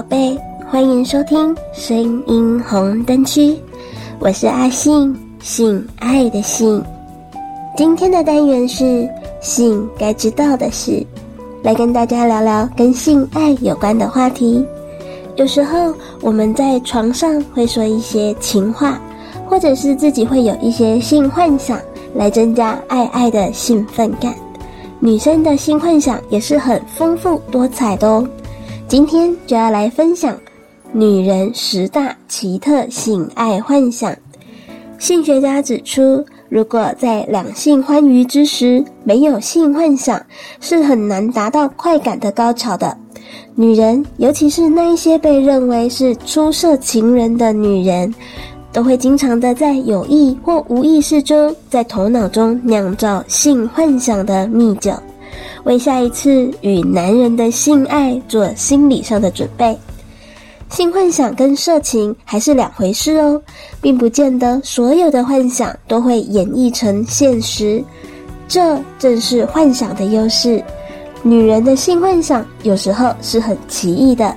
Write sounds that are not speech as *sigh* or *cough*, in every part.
寶貝，歡迎收聽《聲音紅燈區》，我是阿信，性愛的性。今天的單元是性該知道的事，來跟大家聊聊跟性愛有關的話題。有時候我們在床上會說一些情話，或者是自己會有一些性幻想，來增加愛愛的興奮感。女生的性幻想也是很豐富多彩的哦。今天就要來分享女人十大奇特性愛幻想。性學家指出，如果在兩性歡愉之時沒有性幻想，是很難達到快感的高潮的。女人，尤其是那一些被認為是出色情人的女人，都會經常的在有意或無意識中，在頭腦中釀造性幻想的蜜酒。為下一次與男人的性愛做心理上的準備，性幻想跟色情還是兩回事哦，並不見得所有的幻想都會演繹成現實。這正是幻想的優勢。女人的性幻想有時候是很奇異的。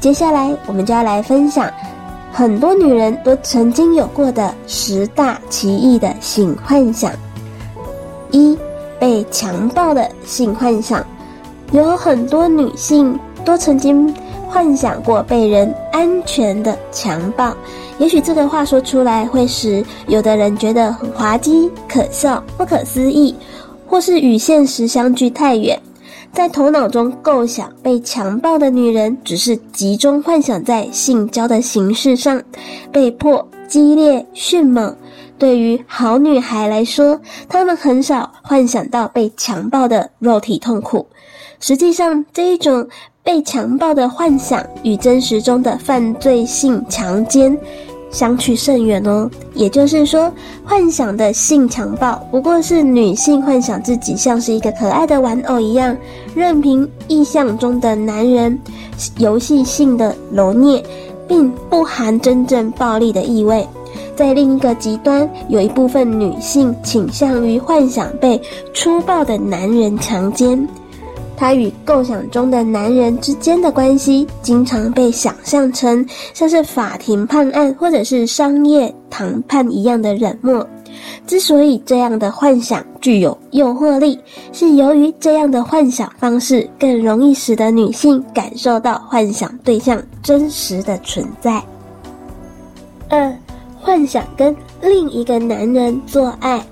接下來我們就要來分享很多女人都曾經有過的十大奇異的性幻想。一。被強暴的性幻想，有很多女性都曾經幻想過被人安全的強暴。也許這個話說出來會使有的人覺得很滑稽、可笑、不可思議，或是與現實相距太遠。在頭腦中構想被強暴的女人，只是集中幻想在性交的形式上，被迫激烈迅猛。對於好女孩來說，她們很少幻想到被強暴的肉體痛苦。實際上，這一種被強暴的幻想與真實中的犯罪性強姦相去甚遠哦。也就是說，幻想的性強暴不過是女性幻想自己像是一個可愛的玩偶一樣，任憑意象中的男人遊戲性的揉捏，並不含真正暴力的意味。在另一個極端，有一部分女性傾向於幻想被粗暴的男人強姦。她與構想中的男人之間的關係，經常被想象成像是法庭判案或者是商業談判一樣的冷漠。之所以這樣的幻想具有誘惑力，是由於這樣的幻想方式更容易使得女性感受到幻想對象真實的存在。二、嗯。幻想跟另一個男人做愛，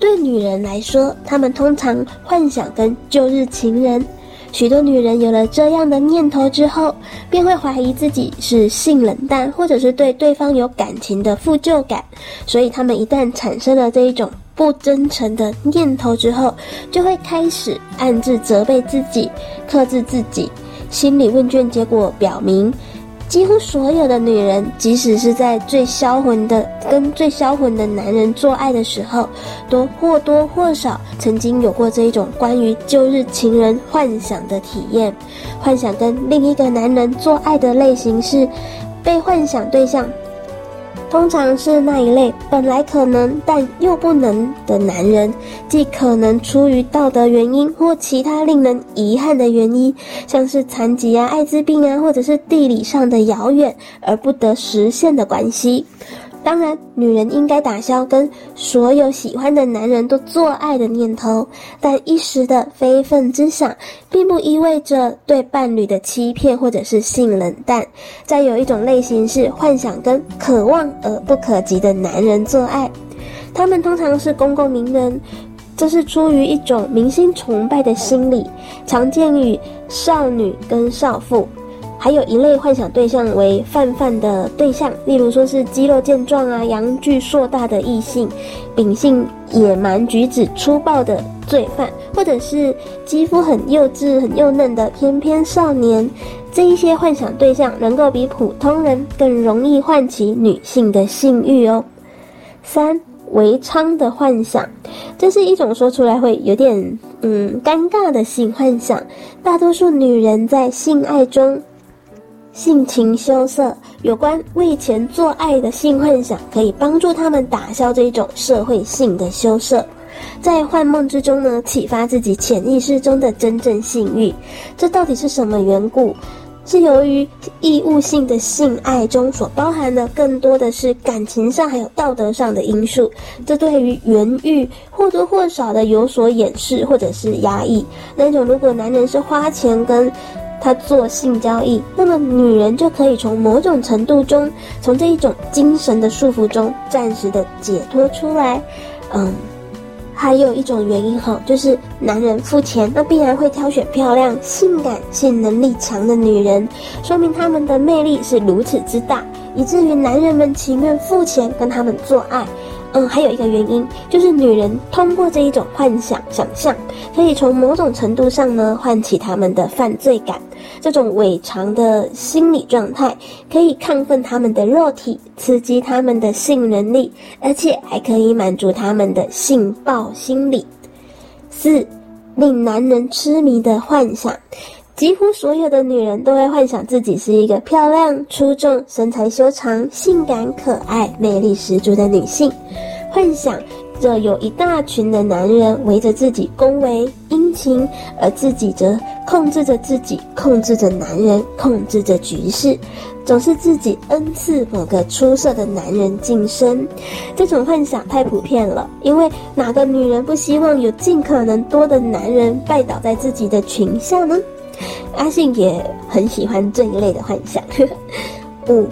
對女人來說，她們通常幻想跟舊日情人。許多女人有了這樣的念頭之後，便會懷疑自己是性冷淡，或者是對對方有感情的負疚感。所以，她們一旦產生了這一種不真誠的念頭之後，就會開始暗自責備自己，克制自己。心理問卷結果表明。幾乎所有的女人，即使是在最銷魂的跟最銷魂的男人做愛的時候，都或多或少曾經有過這一種關於舊日情人幻想的體驗。幻想跟另一個男人做愛的類型是被幻想對象。通常是那一類本來可能但又不能的男人，既可能出於道德原因或其他令人遺憾的原因，像是殘疾啊、艾滋病啊，或者是地理上的遙遠而不得實現的關係。當然，女人應該打消跟所有喜歡的男人都做愛的念頭，但一時的非分之想並不意味着對伴侶的欺騙或者是性冷淡。再有一種類型是幻想跟可望而不可及的男人做愛，他們通常是公共名人，這是出於一種明星崇拜的心理，常見於少女跟少婦。還有一類幻想對象為泛泛的對象，例如說是肌肉健壯啊、陽具碩大的異性，秉性野蠻、舉止粗暴的罪犯，或者是肌膚很幼稚、很幼嫩的翩翩少年，這一些幻想對象能夠比普通人更容易喚起女性的性欲哦。三、為娼的幻想，這是一種說出來會有點，嗯，尷尬的性幻想，大多數女人在性愛中。性情羞澀，有關為錢做愛的性幻想，可以幫助他們打消這種社會性的羞澀，在幻夢之中呢，啟發自己潛意識中的真正性欲。這到底是什麼緣故？是由於義務性的性愛中所包含的更多的是感情上還有道德上的因素，這對於原慾或多或少的有所掩飾或者是壓抑。那種如果男人是花錢跟他做性交易，那麼女人就可以從某種程度中，從這一種精神的束縛中暫時的解脫出來。嗯，還有一種原因哈，就是男人付錢，那必然會挑選漂亮、性感、性能力強的女人，說明她們的魅力是如此之大，以至於男人們情願付錢跟她們做愛。嗯，還有一個原因就是，女人通過這一種幻想想象，可以從某種程度上呢，喚起他們的犯罪感。這種違常的心理狀態，可以亢奮他們的肉體，刺激他們的性能力，而且還可以滿足他們的性暴心理。四，令男人痴迷的幻想。幾乎所有的女人都會幻想自己是一個漂亮、出眾、身材修長、性感可愛、魅力十足的女性，幻想着有一大群的男人圍着自己恭維殷勤，而自己則控制着自己，控制着男人，控制着局勢，總是自己恩賜某個出色的男人晉升。這種幻想太普遍了，因為哪個女人不希望有盡可能多的男人拜倒在自己的裙下呢？阿信也很喜歡這一類的幻想， *laughs* 五，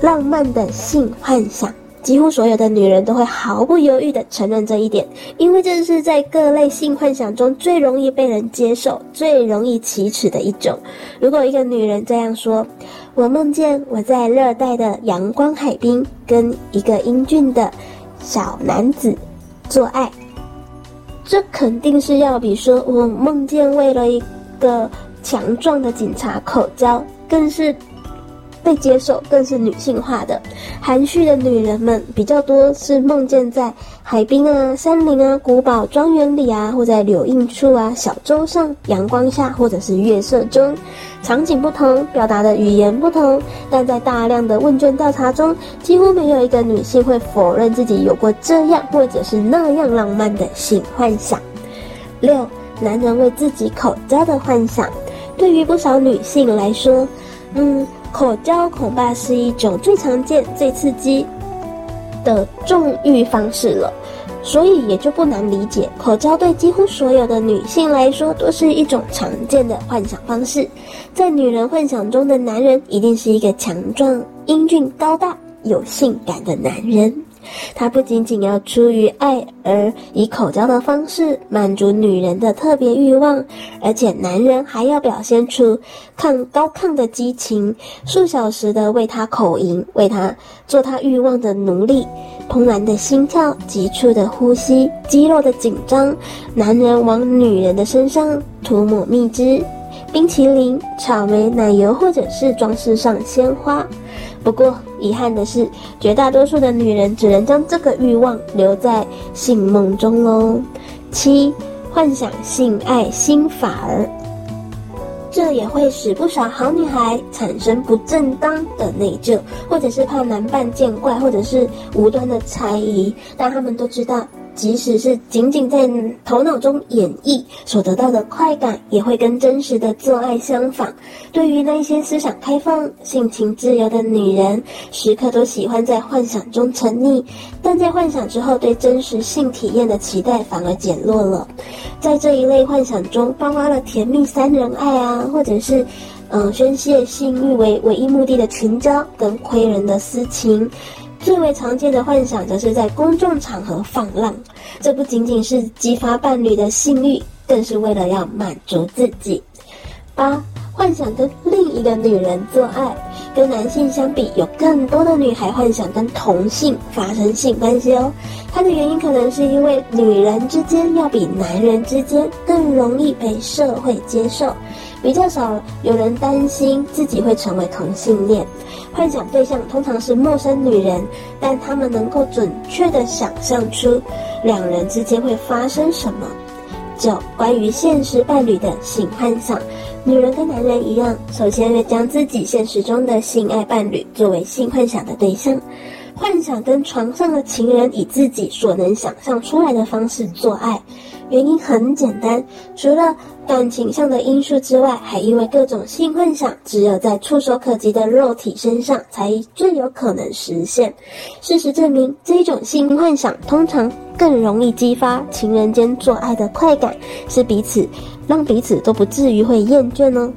浪漫的性幻想，幾乎所有的女人都會毫不猶豫地承認這一點，因為這是在各類性幻想中最容易被人接受、最容易啟齒的一種。如果一個女人這樣說：“我夢見我在熱帶的陽光海濱跟一個英俊的小男子做愛”，這肯定是要比說“我夢見為了一個”。強壯的警察口交更是被接受，更是女性化的。含蓄的女人們比較多是夢見在海濱啊、山林啊、古堡莊園裡啊，或在柳蔭處啊、小舟上、陽光下，或者是月色中。場景不同，表達的語言不同，但在大量的問卷調查中，幾乎沒有一個女性會否認自己有過這樣或者是那樣浪漫的性幻想。六，男人為自己口交的幻想。對於不少女性來說，嗯，口交恐怕是一種最常見、最刺激的縱慾方式了，所以也就不難理解，口交對幾乎所有的女性來說都是一種常見的幻想方式。在女人幻想中的男人，一定是一個強壯、英俊、高大、有性感的男人。他不僅僅要出於愛而以口交的方式滿足女人的特別慾望，而且男人還要表現出亢高亢的激情，數小時的為她口淫，為她做她慾望的奴隸，怦然的心跳，急促的呼吸，肌肉的緊張。男人往女人的身上塗抹蜜汁、冰淇淋、草莓奶油，或者是裝飾上鮮花。不過。遺憾的是，絕大多數的女人只能將這個慾望留在性夢中嘍。七，幻想性愛心法兒，這也會使不少好女孩產生不正當的內疚，或者是怕男伴見怪，或者是無端的猜疑。但她們都知道。即使是僅僅在頭腦中演繹所得到的快感，也會跟真實的做愛相仿。對於那些思想開放、性情自由的女人，時刻都喜歡在幻想中沉溺，但在幻想之後對真實性體驗的期待反而減弱了。在這一類幻想中，包括了甜蜜三人愛啊，或者是，嗯、呃，宣洩性慾為唯一目的的情交跟窺人的私情。最為常見的幻想，則是在公眾場合放浪，這不僅僅是激發伴侶的性欲，更是為了要滿足自己。八，幻想跟另一個女人做愛，跟男性相比，有更多的女孩幻想跟同性發生性關係哦。它的原因可能是因為女人之間要比男人之間更容易被社會接受。比較少有人擔心自己會成為同性戀，幻想對象通常是陌生女人，但她們能夠準確的想象出兩人之間會發生什麼。九、關於現實伴侶的性幻想，女人跟男人一樣，首先要將自己現實中的性愛伴侶作為性幻想的對象，幻想跟床上的情人以自己所能想象出來的方式做愛。原因很簡單，除了感情上的因素之外，還因為各種性幻想，只有在觸手可及的肉體身上才最有可能實現。事實證明，這種性幻想通常更容易激發情人間做愛的快感，是彼此，讓彼此都不至於會厭倦哦。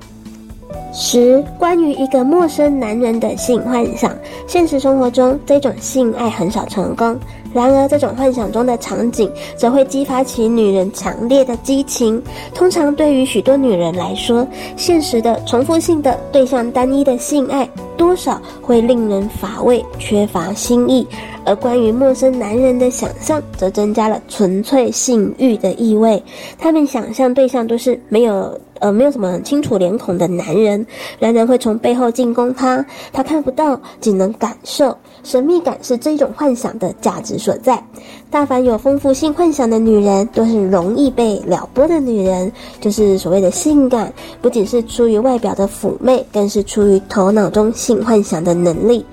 十、關於一個陌生男人的性幻想，現實生活中這種性愛很少成功。然而，這種幻想中的場景則會激發起女人強烈的激情。通常，對於許多女人來說，現實的重複性的對象單一的性愛多少會令人乏味、缺乏新意，而關於陌生男人的想象則增加了純粹性慾的意味。他們想象對象都是沒有。呃，沒有什麼清楚臉孔的男人，男人會從背後進攻她，她看不到，只能感受。神秘感是這一種幻想的價值所在。大凡有豐富性幻想的女人，都是容易被撩撥的女人，就是所謂的性感，不僅是出於外表的嫵媚，更是出於頭腦中性幻想的能力。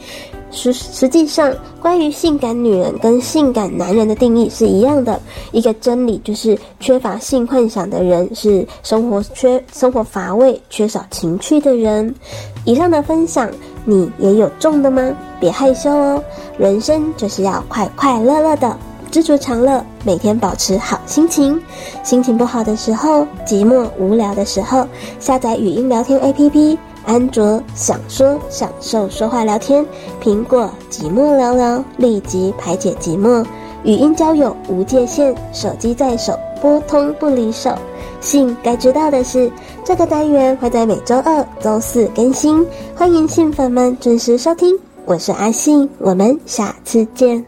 實實際上，關於性感女人跟性感男人的定義是一樣的。一個真理就是，缺乏性幻想的人是生活缺、生活乏味、缺少情趣的人。以上的分享，你也有中的嗎？別害羞哦，人生就是要快快樂樂的，知足常樂，每天保持好心情。心情不好的時候，寂寞無聊的時候，下載語音聊天 APP。安卓想說享受說話聊天，蘋果寂寞聊聊立即排解寂寞，語音交友無界限，手機在手撥通不離手。性該知道的事，這個單元會在每周二、周四更新，歡迎性粉們準時收聽。我是阿信，我們下次見。